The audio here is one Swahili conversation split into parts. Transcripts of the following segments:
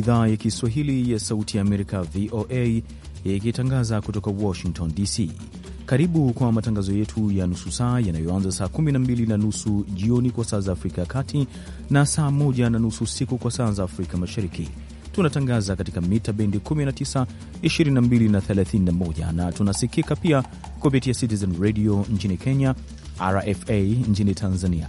idhaa ya Kiswahili ya Sauti ya Amerika, VOA, ikitangaza kutoka Washington DC. Karibu kwa matangazo yetu ya nusu saa yanayoanza saa 12 na nusu jioni kwa saa za Afrika ya Kati na saa 1 na nusu siku kwa saa za Afrika Mashariki. Tunatangaza katika mita bendi 19, 22 na na tunasikika pia kupitia Citizen Radio nchini Kenya, RFA nchini Tanzania,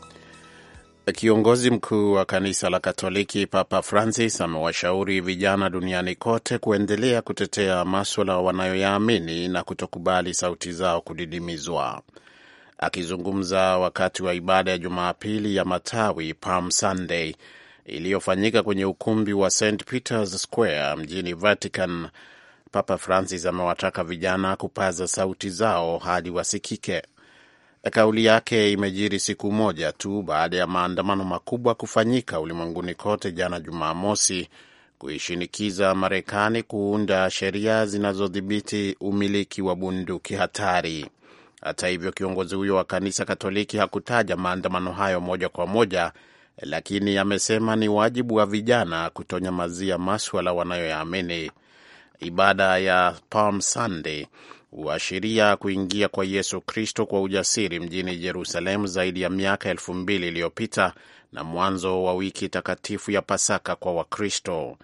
Kiongozi mkuu wa kanisa la Katoliki Papa Francis amewashauri vijana duniani kote kuendelea kutetea maswala wanayoyaamini na kutokubali sauti zao kudidimizwa. Akizungumza wakati wa ibada ya Jumapili ya Matawi, Palm Sunday, iliyofanyika kwenye ukumbi wa St Peter's Square mjini Vatican, Papa Francis amewataka vijana kupaza sauti zao hadi wasikike. Kauli yake imejiri siku moja tu baada ya maandamano makubwa kufanyika ulimwenguni kote jana Jumamosi kuishinikiza Marekani kuunda sheria zinazodhibiti umiliki wa bunduki hatari. Hata hivyo, kiongozi huyo wa kanisa Katoliki hakutaja maandamano hayo moja kwa moja, lakini amesema ni wajibu wa vijana kutonyamazia maswala wanayoyaamini. Ibada ya Palm Sunday huashiria kuingia kwa Yesu Kristo kwa ujasiri mjini Jerusalemu zaidi ya miaka elfu mbili iliyopita na mwanzo wa wiki takatifu ya Pasaka kwa Wakristo.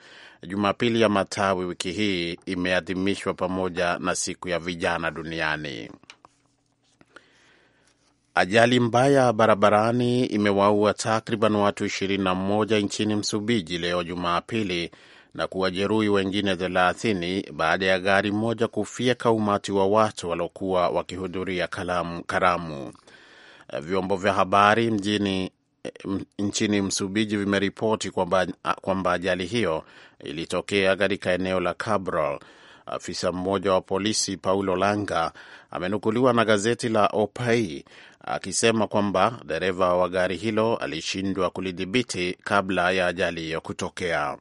Jumapili ya Matawi wiki hii imeadhimishwa pamoja na siku ya vijana duniani. Ajali mbaya barabarani imewaua takriban watu 21 nchini Msumbiji leo Jumapili na kuwajeruhi wengine thelathini baada ya gari moja kufyeka umati wa watu waliokuwa wakihudhuria karamu. Vyombo vya habari mjini eh, nchini Msumbiji vimeripoti ah, kwamba ajali hiyo ilitokea katika eneo la Cabral. Afisa mmoja wa polisi Paulo Langa amenukuliwa na gazeti la opai akisema kwamba dereva wa gari hilo alishindwa kulidhibiti kabla ya ajali hiyo kutokea.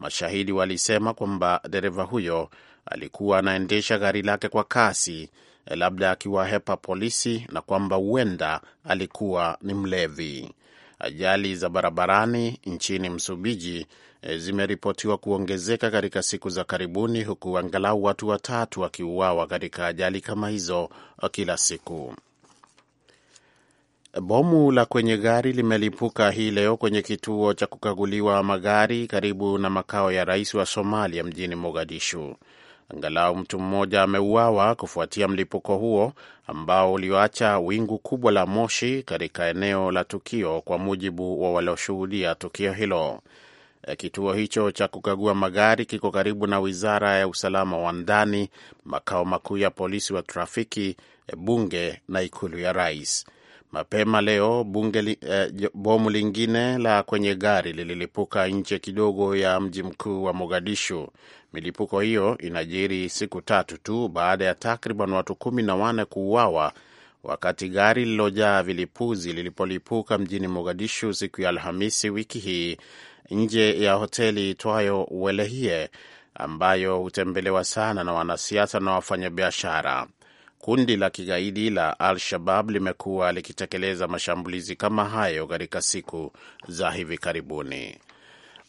Mashahidi walisema kwamba dereva huyo alikuwa anaendesha gari lake kwa kasi, labda akiwahepa polisi, na kwamba huenda alikuwa ni mlevi. Ajali za barabarani nchini Msumbiji eh, zimeripotiwa kuongezeka katika siku za karibuni, huku angalau watu watatu wakiuawa katika ajali kama hizo eh, kila siku. Bomu la kwenye gari limelipuka hii leo kwenye kituo cha kukaguliwa magari karibu na makao ya rais wa Somalia mjini Mogadishu. Angalau mtu mmoja ameuawa kufuatia mlipuko huo ambao ulioacha wingu kubwa la moshi katika eneo la tukio, kwa mujibu wa walioshuhudia tukio hilo. Kituo hicho cha kukagua magari kiko karibu na wizara ya usalama wa ndani, makao makuu ya polisi wa trafiki, bunge na ikulu ya rais. Mapema leo bunge li, eh, bomu lingine la kwenye gari lililipuka nje kidogo ya mji mkuu wa Mogadishu. Milipuko hiyo inajiri siku tatu tu baada ya takriban watu kumi na wane kuuawa wakati gari lililojaa vilipuzi lilipolipuka mjini Mogadishu siku ya Alhamisi wiki hii nje ya hoteli itwayo Welehie ambayo hutembelewa sana na wanasiasa na wafanyabiashara. Kundi la kigaidi la Al-Shabab limekuwa likitekeleza mashambulizi kama hayo katika siku za hivi karibuni.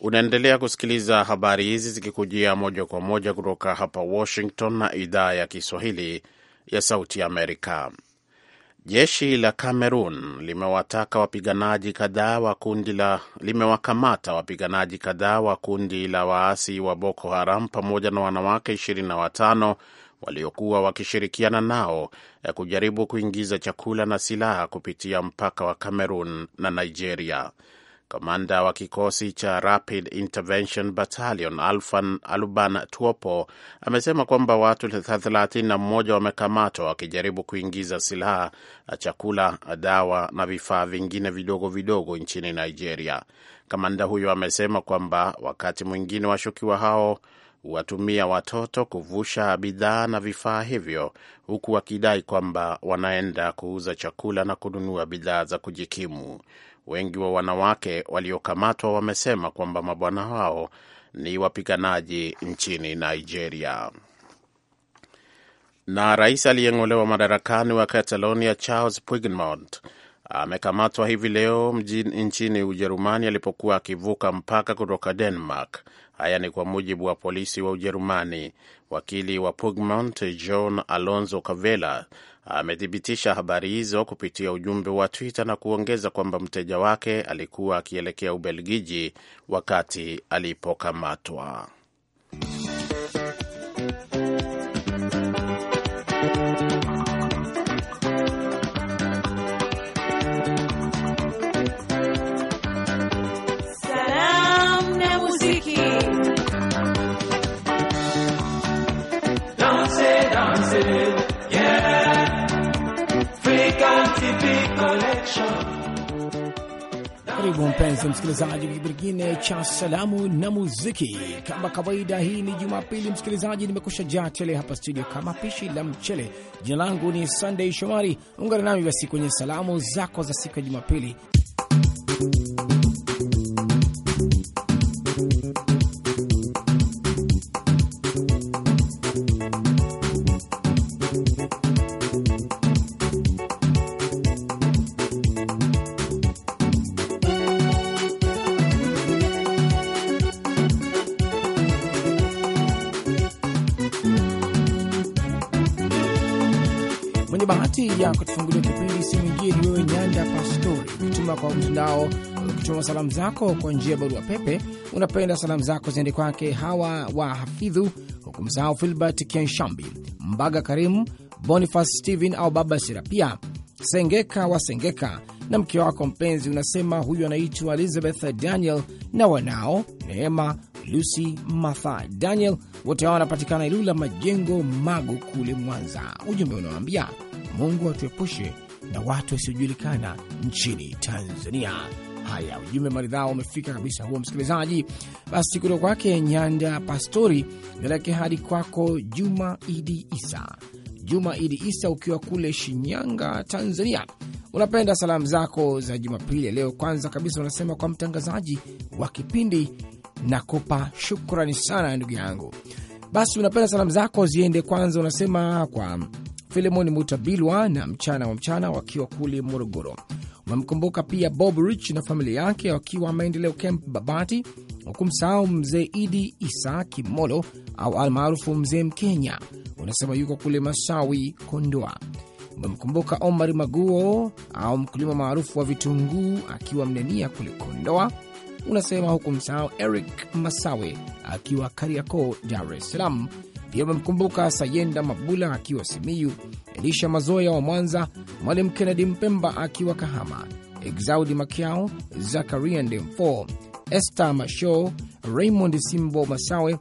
Unaendelea kusikiliza habari hizi zikikujia moja kwa moja kutoka hapa Washington na idhaa ya Kiswahili ya Sauti ya Amerika. Jeshi la Cameroon limewataka wapiganaji kadhaa wa kundi la limewakamata wapiganaji kadhaa wa kundi la waasi wa Boko Haram pamoja na wanawake 25 waliokuwa wakishirikiana nao eh, kujaribu kuingiza chakula na silaha kupitia mpaka wa Cameroon na Nigeria. Kamanda wa kikosi cha Rapid Intervention Battalion Alfan Aluban Tuopo amesema kwamba watu 31 wamekamatwa wakijaribu kuingiza silaha, eh, chakula, eh, dawa na vifaa vingine vidogo vidogo nchini Nigeria. Kamanda huyo amesema kwamba wakati mwingine washukiwa hao huwatumia watoto kuvusha bidhaa na vifaa hivyo, huku wakidai kwamba wanaenda kuuza chakula na kununua bidhaa za kujikimu. Wengi wa wanawake waliokamatwa wamesema kwamba mabwana wao ni wapiganaji nchini Nigeria. Na rais aliyeng'olewa madarakani wa Catalonia Charles Puigdemont amekamatwa hivi leo mjini nchini Ujerumani alipokuwa akivuka mpaka kutoka Denmark. Haya ni kwa mujibu wa polisi wa Ujerumani. Wakili wa Pugmont John Alonso cavela amethibitisha habari hizo kupitia ujumbe wa Twitter na kuongeza kwamba mteja wake alikuwa akielekea Ubelgiji wakati alipokamatwa. Karibu mpenzi msikilizaji wa kipindi kingine cha salamu na muziki. Kama kawaida, hii ni Jumapili msikilizaji, nimekusha jaa tele hapa studio kama pishi la mchele. Jina langu ni Sunday Shomari, ungana nami basi kwenye salamu zako za siku ya Jumapili. mtandao ukituma salamu zako kwa njia ya barua pepe. Unapenda salamu zako ziende kwake hawa wa Hafidhu, msahau Filbert Kianshambi, Mbaga Karimu, Boniface Stephen au Baba Serapia Sengeka wa Sengeka na mke wako mpenzi. Unasema huyu anaitwa Elizabeth Daniel na wanao Neema, Lucy, Martha Daniel, wote hao wanapatikana Ilula Majengo, Magu kule Mwanza. Ujumbe unawaambia Mungu atuepushe na watu wasiojulikana nchini Tanzania. Haya, ujumbe maridhao umefika kabisa huo, msikilizaji. Basi kutoka kwake Nyanda Pastori naleke hadi kwako Juma Idi Isa. Juma Idi Isa, ukiwa kule Shinyanga, Tanzania, unapenda salamu zako za Jumapili ya leo. Kwanza kabisa unasema kwa mtangazaji wa kipindi nakupa shukrani sana ndugu yangu. Basi unapenda salamu zako ziende kwanza, unasema kwa Filemon Mutabilwa na mchana wa mchana wakiwa kule Morogoro. umemkumbuka pia Bob Rich na familia yake wakiwa Maendeleo kemp Babati, wakumsahau mzee Idi Isa Kimolo au almaarufu mzee Mkenya, unasema yuko kule Masawi, Kondoa. umemkumbuka Omar Maguo au mkulima maarufu wa vitunguu akiwa Mnenia kule Kondoa, unasema hukumsahau Eric Masawe akiwa Kariakoo, Dar es Salaam pia wamemkumbuka Sayenda Mabula akiwa Simiyu, Elisha Mazoya wa Mwanza, Mwalimu Kennedi Mpemba akiwa Kahama, Exaudi Makiao, Zakaria Ndemfo, Esther Masho, Raymond Simbo Masawe,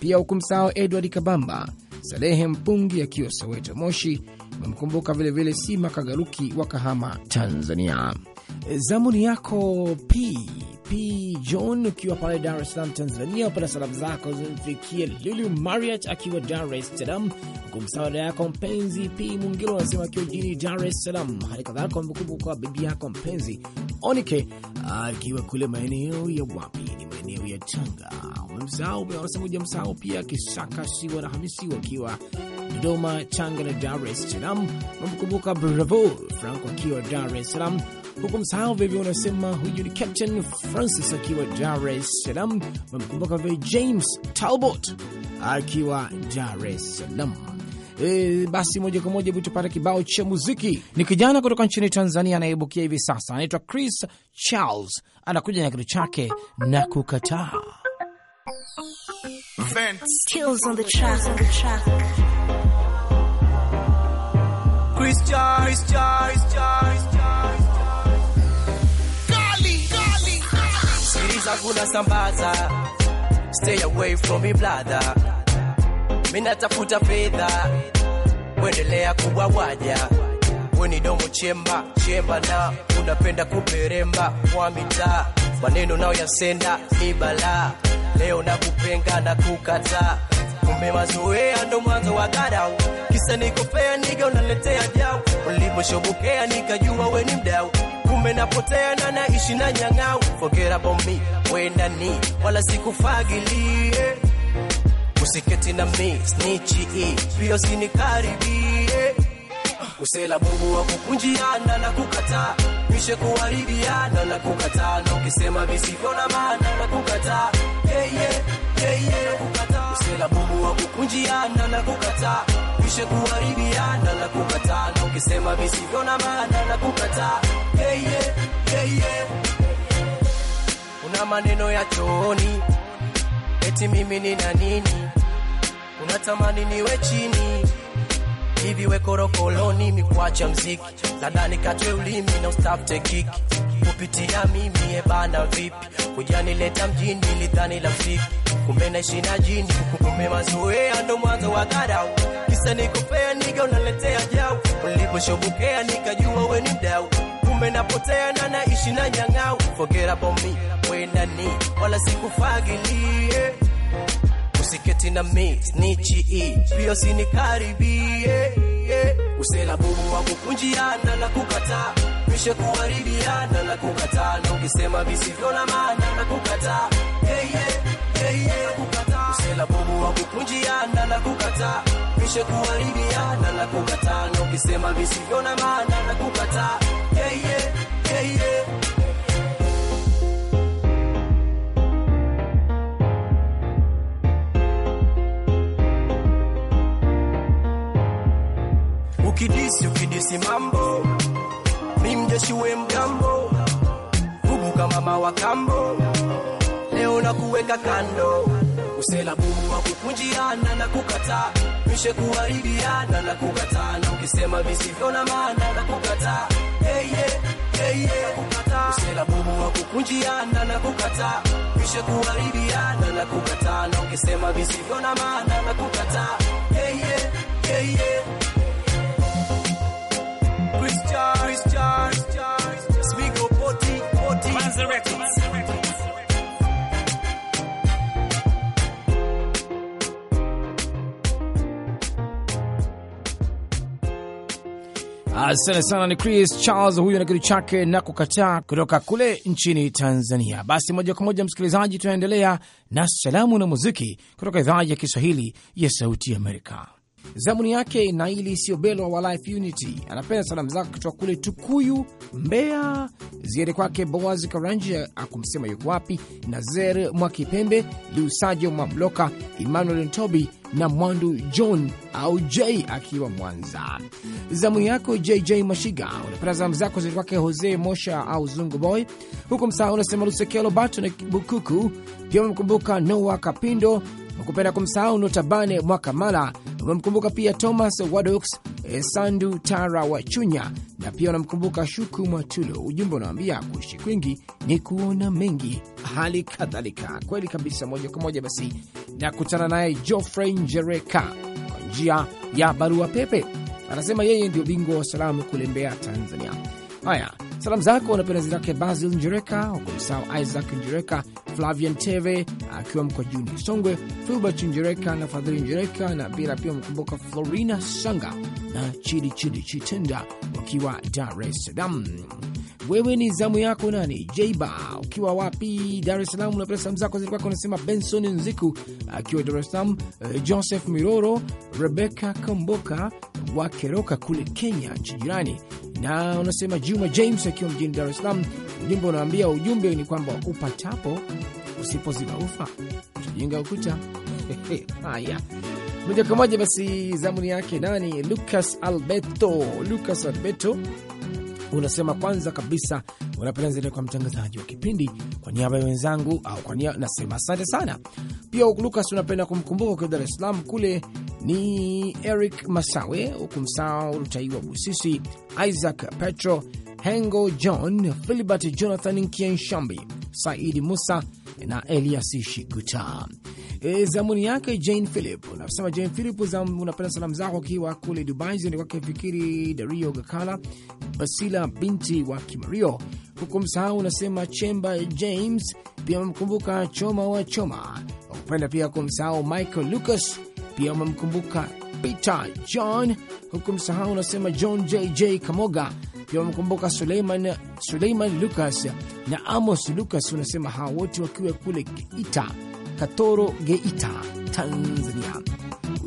pia hukumsahau Edward Kabamba, Salehe Mpungi akiwa Soweto Moshi. Wamemkumbuka vilevile Sima Kagaruki wa Kahama, Tanzania. Zamuni yako P P John ukiwa pale Dar es Salaam, Tanzania, upata salamu zako zimfikie Lulu Mariat akiwa Dar es Salaam, kumsawada yako mpenzi P Mungilo anasema akiwa jini Dar es Salaam. Hali kadhalika wamekumbuka kwa bibi yako mpenzi Onike akiwa kule maeneo ya wapi, ni maeneo ya Tanga. Umemsahau, unasema msahau pia Kisaka Siwa na Hamisi wakiwa Dodoma, Tanga na Dar es Salaam. Wamkumbuka Bravo Frank akiwa Dar es Salaam huku msahau vilevile, unasema huyu ni Captain Francis akiwa Dar es Salaam. Wamekumbuka vile James Talbot akiwa Dar es Salaam. E, basi moja kwa moja tupate kibao cha muziki. Ni kijana kutoka nchini Tanzania anayebukia hivi sasa, anaitwa Chris Charles, anakuja na kitu chake na kukataa. Chris Charles, Charles, Charles. zangu na stay away from me brother, minatafuta fedha, kuendelea kuwawaja weni domo chemba chemba, na unapenda kuperemba kwa mitaa, maneno nao yasenda ni bala leo na kupenga na kukata kumbe mazoea ndo mwanzo wa dharau kisa nikopea niga unaletea jau, uliposhobokea nikajua weni mdau kumbe napotea na naishi na nyang'au. Forget about me, wenda ni wala sikufagilie, usiketi na mimi snichi hii pia usinikaribie, usela bubu wa kukunjiana na kukataa mishe kuharibiana na kukataa na ukisema visivyo na maana na kukataa, yeah, yeah, yeah, yeah. Jela bubu wa kukunjiana na kukata kisha kuharibiana na kukata na ukisema visivyo na maana na kukata Yeah, yeah, yeah, yeah. Una maneno ya chooni, eti mimi nina nini, unatamani niwe chini hivi wekorokoloni mikuacha mziki, nadani katwe ulimi na ustafte kiki kupitia mimi ebana, vipi kujanileta mjini, lidhani lafiki, kumbe naishi na jini, kukume mazoea ndo mwanzo wa dharau, kisa nikupea niga unaletea jau, uliposhobokea nikajua we ni mdau, kumbe napotea na naishi na nyang'au, forget about me, wenda ni wala sikufagilie eh usiketi na mix nichi e. pia usinikaribie, usela bubu wa kukunjiana na kukata mishe kuharibiana na kukata na ukisema visivyo na maana na kukata na kukata usela bubu wa kukunjiana na kukata mishe kuharibiana na kukata na ukisema visivyo na maana na kukata yeah, yeah, yeah, yeah. ukidisi ukidisi mambo, mi mjeshi we mgambo, bubuka mama wa kambo, leo na kuweka kando, usela bubu wa kukunjiana na kukata mishe kuharibiana na kukata na ukisema visivyo na maana na kukata hey, yeah, hey, yeah, kukata usela bubu wa kukunjiana na kukata mishe kuharibiana na kukata na ukisema visivyo na maana na kukata hey, yeah, hey, yeah Asante sana, ni Chris Charles huyu na kitu chake na kukataa kutoka kule nchini Tanzania. Basi moja kwa moja, msikilizaji, tunaendelea na salamu na muziki kutoka idhaa ya Kiswahili ya Sauti Amerika. Zamuni yake Naili Siobelwa wa Life Unity anapenda salamu zake kutoka kule Tukuyu, Mbeya, ziende kwake Boaz Karanja, akumsema yuko wapi, Nazer Mwakipembe, Lusajo Mwabloka, Emmanuel Ntobi na Mwandu John au J akiwa Mwanza. Zamuni yako JJ Mashiga unapenda salamu zako ziende kwake Jose Mosha au Zungu Boy, huku msaa unasema Lusekelo Bato na Bukuku, pia amemkumbuka Noa Kapindo hukupenda kumsahau Notabane Mwakamala, umemkumbuka pia Thomas Wadox eh, Sandu Tara wa Chunya, na pia unamkumbuka Shuku Mwatulo. Ujumbe unawambia kuishi kwingi ni kuona mengi, hali kadhalika. Kweli kabisa, moja kwa moja basi nakutana naye Geoffrey Njereka kwa njia ya barua pepe. Anasema yeye ndio bingwa wa salamu kule Mbeya, Tanzania. Haya, Salamu zako unapenda zirake Basil Njereka, hukumsahau Isaac Njereka, Flavian Teve akiwa mko Juni Songwe, Filbert Njereka na Fadhili Njereka na bila pia mkumbuka Florina Sanga na Chidi Chidi Chitenda wakiwa Dar es Salaam. Wewe ni zamu yako nani? Jeiba ukiwa wapi? Dar es Salaam unapenda salamu zako zilikuwa unasema Benson Nziku akiwa Dar es Salaam, eh, Joseph Miroro, Rebeka Komboka wa Keroka kule Kenya, nchi jirani. Na unasema Juma James akiwa mjini Dar es Salaam, ujumbe unaambia, ujumbe ni kwamba upatapo usipoziba ufa tujenga ukuta. Haya, moja kwa moja basi, zamuni yake nani? Lucas Alberto, Lucas Alberto unasema kwanza kabisa unapenda kwa mtangazaji wa kipindi. Kwa niaba ya wenzangu au kwa niaba nasema asante sana. Pia Lukas, unapenda kumkumbuka kwa Dar es Salaam kule ni Eric Masawe, ukumsao Rutaiwa Busisi, Isaac Petro Hengo, John Filibert, Jonathan Nkienshambi, Saidi Musa na Elias Shikuta. E, zamuni yake Jane Philip unasema Jane Philip zam, unapenda salamu zako akiwa kule Dubai ziende kwake fikiri Dario Gakala Basila binti wa Kimario huku msahau, unasema Chemba James pia amemkumbuka Choma wa Choma wakupenda pia kumsahau Michael Lucas pia amemkumbuka Peter John huku msahau, unasema John JJ Kamoga pia wamekumbuka Suleiman, Suleiman Lucas na Amos Lucas unasema hawa wote wakiwa kule Geita Katoro, Geita, Tanzania.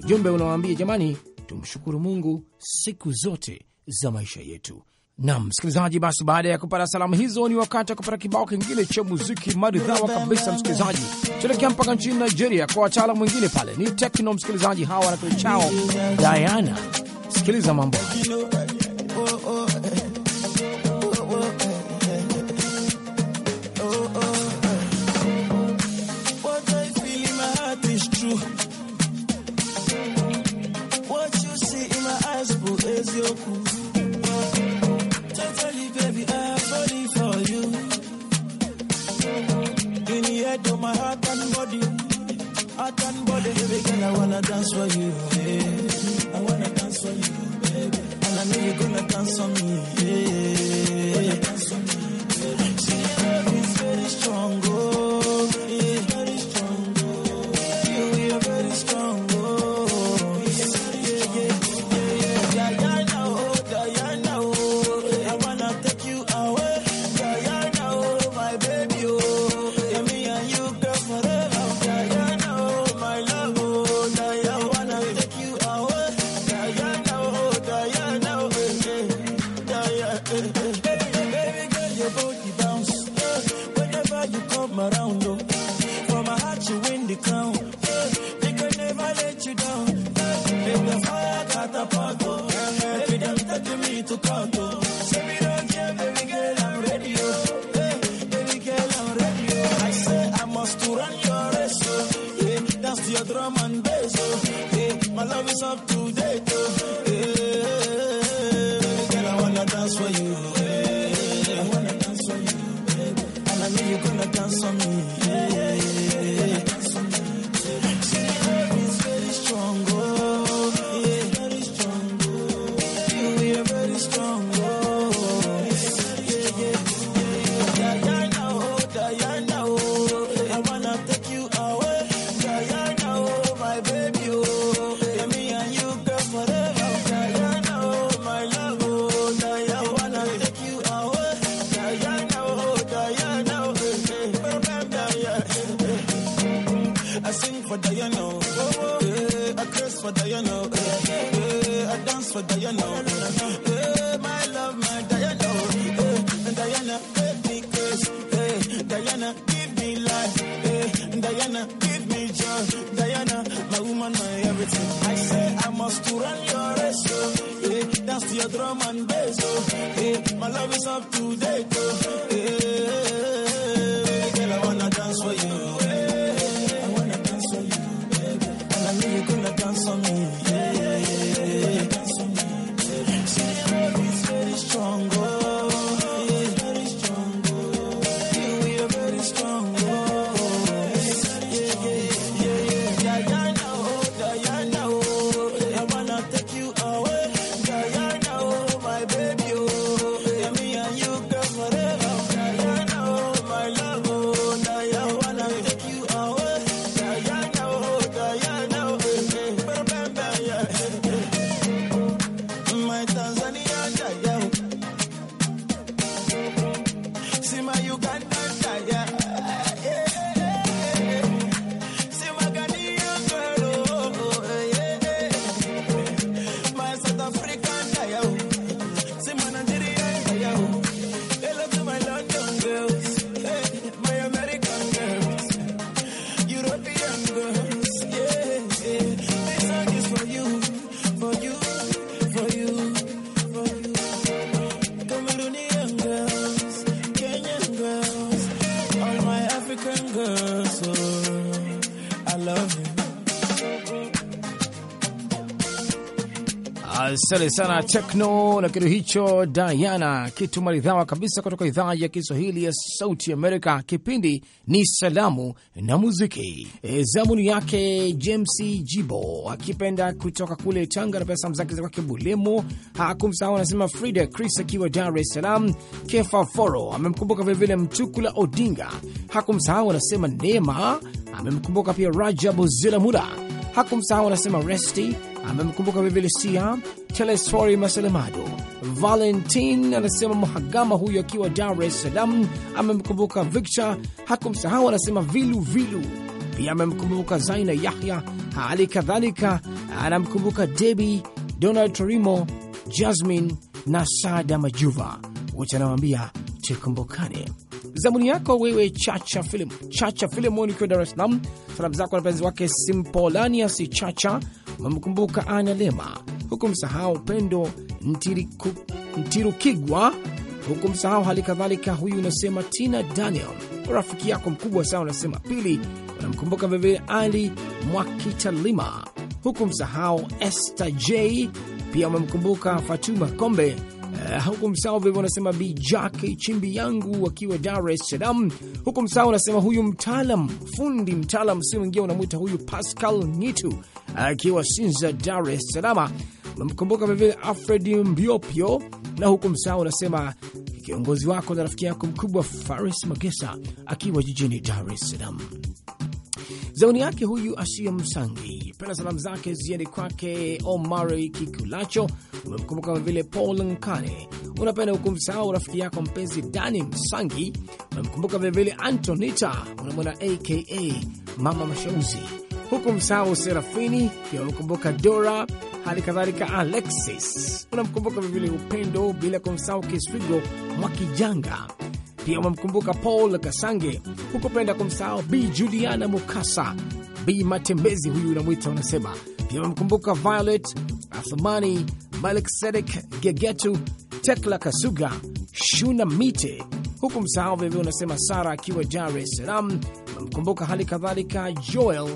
Ujumbe unawaambia jamani, tumshukuru Mungu siku zote za maisha yetu. Nam msikilizaji, basi baada ya kupata salamu hizo, ni wakati wa kupata kibao kingine cha muziki maridhawa kabisa. Msikilizaji, tuelekea mpaka nchini Nigeria kwa wataalamu wengine pale. Ni tekno, msikilizaji, hawa na chao Diana. Sikiliza mambo oh. oh. true. What you see in my eyes, bro, is your cool. Totally, baby, I'm ready for you. In the head of my heart and body, heart and body, baby girl, I wanna dance for you. Yeah. I wanna dance for you, baby, and I know you're gonna dance for me. love you. Asante sana Tekno na kitu hicho Diana, kitu maridhawa kabisa kutoka idhaa ya Kiswahili ya Sauti Amerika. Kipindi ni Salamu na Muziki. E, zamuni yake James Jibo akipenda kutoka kule Tanga na pesa mzake za Kibulemo. Hakumsahau anasema Frida Chris akiwa Dar es Salaam. Kefa Foro amemkumbuka vilevile, Mtukula Odinga hakumsahau anasema Neema amemkumbuka pia, Rajabu Zilamula hakumsahau anasema Resti amemkumbuka vilevile Sia Maselemado. Valentin anasema Mhagama huyo akiwa Dar es Salaam amemkumbuka Victor, hakumsahau anasema Viluvilu pia amemkumbuka Zaina Yahya, hali kadhalika anamkumbuka Debi Donald Torimo, Jasmine na Sada Majuva, wote anawambia tukumbukane. Zamuni yako wewe Chacha Filim, Chacha Filimoni ukiwa Dar es Salaam. Salamu zako na mpenzi wake Simpolianius Chacha umemkumbuka Ana Lema, huku msahau Pendo Ntirukigwa, huku msahau hali kadhalika. Huyu unasema Tina Daniel, rafiki yako mkubwa sana, unasema pili. Unamkumbuka vilevile Ali Mwakitalima, huku msahau Esther J, pia umemkumbuka Fatuma Kombe Eh, huku msao vivyo anasema Bi Jack chimbi yangu akiwa Dar es Salaam. Huku msao anasema huyu mtaalam fundi mtaalam, si mwingine unamwita huyu Pascal Nitu akiwa Sinza, Dar es Salaam. Unamkumbuka vilevile Alfred Mbiopio, na huku msao unasema kiongozi wako na rafiki yako mkubwa Faris Magesa akiwa jijini Dar es Salaam. Zauni yake huyu Asia Msangi penda salamu zake ziende kwake Omari Kikulacho, umemkumbuka kama vile Paul Nkane, unapenda hukumsahau rafiki yako mpenzi Dani Msangi, umemkumbuka vilevile Antonita, unamwona aka Mama Mashauzi, huku hukumsahau Serafini, pia umemkumbuka Dora, hali kadhalika Alexis, unamkumbuka vilevile Upendo, bila kumsahau Kiswigo Mwakijanga pia wamemkumbuka Paul Kasange, hukupenda kumsahau b Juliana Mukasa, b Matembezi huyu unamwita unasema. Pia wamemkumbuka Violet Athumani, Maleksedek Gegetu, Tekla Kasuga, Shuna Mite, huku msahau vilevile unasema Sara akiwa Dar es Salaam, amemkumbuka hali kadhalika Joel,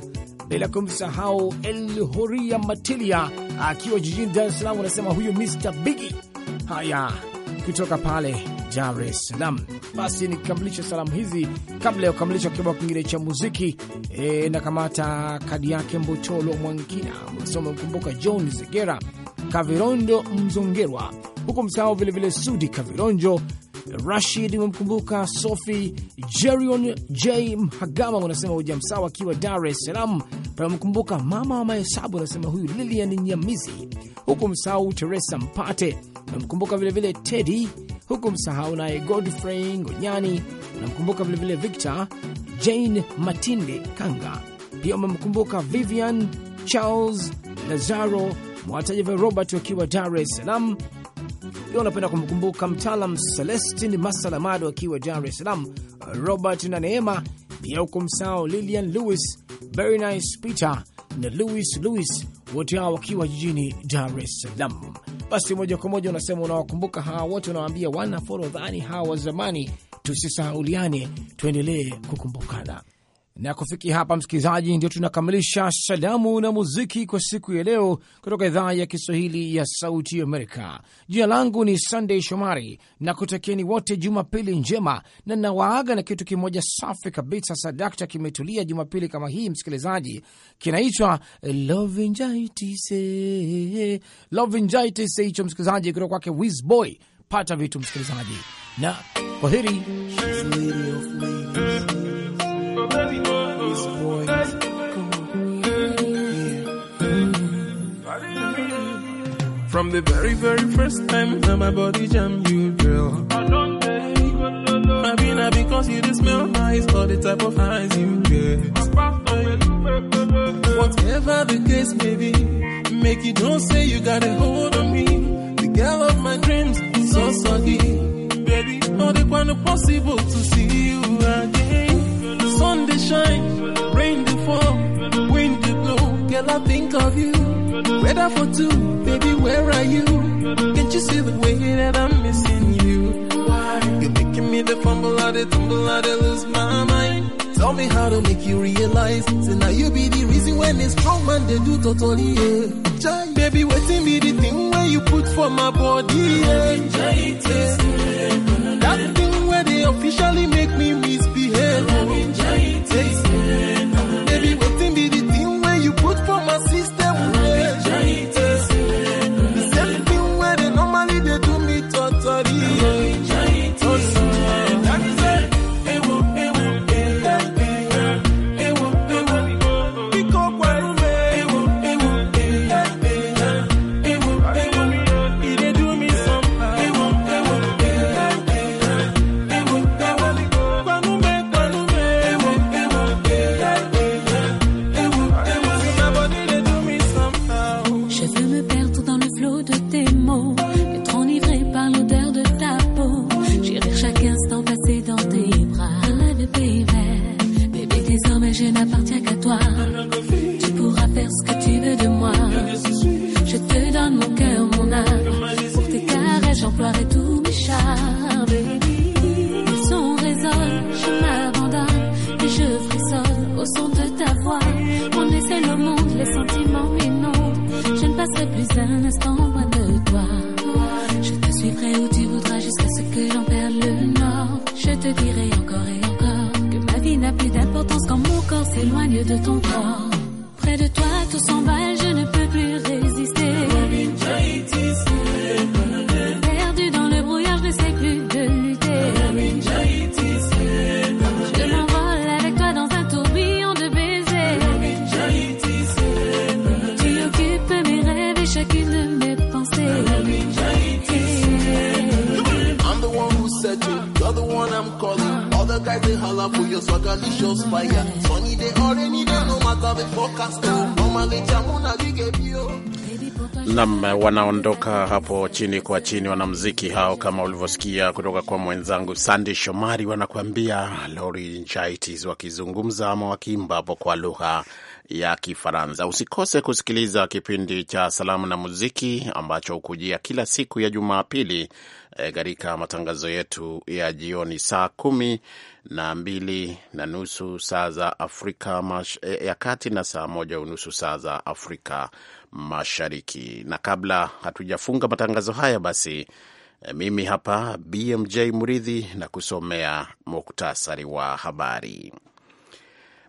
bila kumsahau Elhoria Matilia akiwa jijini Dar es Salaam, unasema huyu Mr Bigi. Haya, kutoka pale Dar es Salaam. Basi nikikamilisha salamu hizi, kabla ya kukamilisha kibao kingine cha muziki e, na kamata kadi yake Mbotolo Mwankina Masoma, mkumbuka John Zegera Kavirondo Mzongerwa, huku msikao vilevile Sudi Kavironjo Rashid umemkumbuka Sofi Jerion J Mhagama, unasema uja msawa akiwa Dar es Salaam. Pia umemkumbuka mama wa mahesabu, unasema huyu Lilian Nyamizi, huku msahau Teresa Mpate, umemkumbuka vilevile Tedi huku msahau naye Godfrey Ngonyani, unamkumbuka vilevile Victor Jane Matinde Kanga, pia umemkumbuka Vivian Charles Lazaro mwataji vya Robert wakiwa Dar es Salaam. Pia unapenda kumkumbuka mtaalam Celestin Masalamado akiwa Dar es Salaam, Robert na Neema, pia huku msahau Lilian Lewis, Nice Peter na Louis Louis wote hao wakiwa jijini Dar es Salaam. Basi moja kwa moja unasema unawakumbuka hawa wote, unawaambia wana forodhani hawa wa zamani, tusisahauliane, tuendelee kukumbukana. Na kufikia hapa, msikilizaji, ndio tunakamilisha salamu na muziki kwa siku ya leo kutoka idhaa ya Kiswahili ya Sauti Amerika. Jina langu ni sandey Shomari na kutakieni wote Jumapili njema, na nawaaga na kitu kimoja safi kabisa, sadakta kimetulia Jumapili kama hii, msikilizaji, kinaitwa Lovinjaitise. Lovinjaitise hicho msikilizaji, kutoka kwake Wizboy. Pata vitu msikilizaji, na kwaheri. From the very, very first time that my body jam you, girl. I don't I because you smell nice, all the type of eyes you get. Whatever the case may be, make you don't say you got a hold on me. The girl of my dreams so soggy. Baby, not the one possible to see you again. sun they shine, rain they fall, wind they blow. Girl, I think of you. Whether for two, baby, where are you? Can't you see the way that I'm missing you? Why? You're making me the fumble out, the tumble out, of lose my mind. Tell me how to make you realize. Say now you be the reason when it's strong man they do totally. Yeah. Baby, waiting be the thing where you put for my body. Yeah. yeah. That thing where they officially make me miss wanaondoka hapo chini kwa chini, wanamziki hao, kama ulivyosikia kutoka kwa mwenzangu Sande Shomari, wanakuambia Laurentiis wakizungumza ama wakiimba hapo kwa lugha ya Kifaransa. Usikose kusikiliza kipindi cha Salamu na Muziki ambacho hukujia kila siku ya Jumapili eh, katika e, matangazo yetu ya jioni saa kumi na mbili na nusu saa za Afrika mash, eh, ya kati na saa moja unusu saa za Afrika Mashariki. Na kabla hatujafunga matangazo haya, basi eh, mimi hapa BMJ Muridhi na kusomea muktasari wa habari.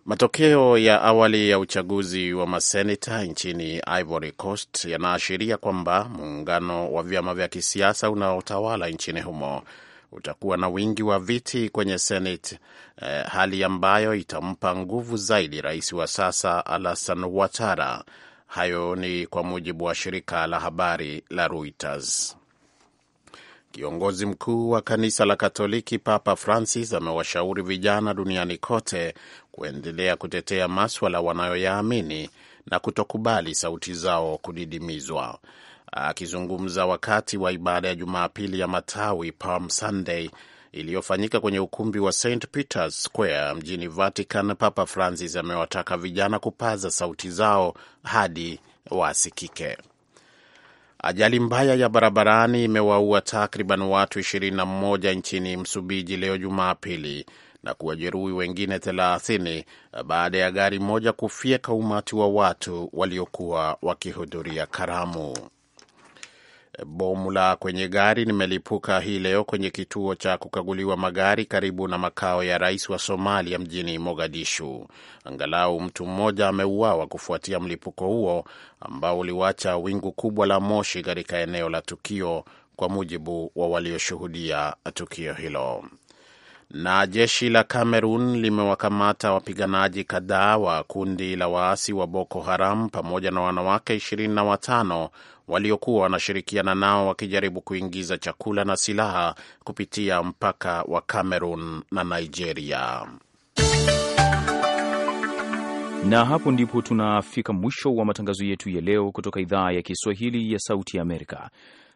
Matokeo ya awali ya uchaguzi wa maseneta nchini Ivory Coast yanaashiria kwamba muungano wa vyama vya kisiasa unaotawala nchini humo utakuwa na wingi wa viti kwenye Senate eh, hali ambayo itampa nguvu zaidi rais wa sasa Alassane Ouattara. Hayo ni kwa mujibu wa shirika la habari la Reuters. Kiongozi mkuu wa kanisa la Katoliki Papa Francis amewashauri vijana duniani kote kuendelea kutetea maswala wanayoyaamini na kutokubali sauti zao kudidimizwa akizungumza wakati wa ibada ya Jumapili ya matawi Palm Sunday iliyofanyika kwenye ukumbi wa St Peter's Square mjini Vatican, Papa Francis amewataka vijana kupaza sauti zao hadi wasikike. Ajali mbaya ya barabarani imewaua takriban watu 21 nchini Msumbiji leo Jumapili na kuwajeruhi wengine 30 baada ya gari moja kufyeka umati wa watu waliokuwa wakihudhuria karamu. Bomu la kwenye gari limelipuka hii leo kwenye kituo cha kukaguliwa magari karibu na makao ya rais wa Somalia mjini Mogadishu. Angalau mtu mmoja ameuawa kufuatia mlipuko huo ambao uliwacha wingu kubwa la moshi katika eneo la tukio, kwa mujibu wa walioshuhudia tukio hilo. Na jeshi la Cameroon limewakamata wapiganaji kadhaa wa kundi la waasi wa Boko Haram pamoja na wanawake ishirini na watano waliokuwa wanashirikiana nao wakijaribu kuingiza chakula na silaha kupitia mpaka wa Cameroon na Nigeria. Na hapo ndipo tunafika mwisho wa matangazo yetu ya leo kutoka idhaa ya Kiswahili ya Sauti ya Amerika.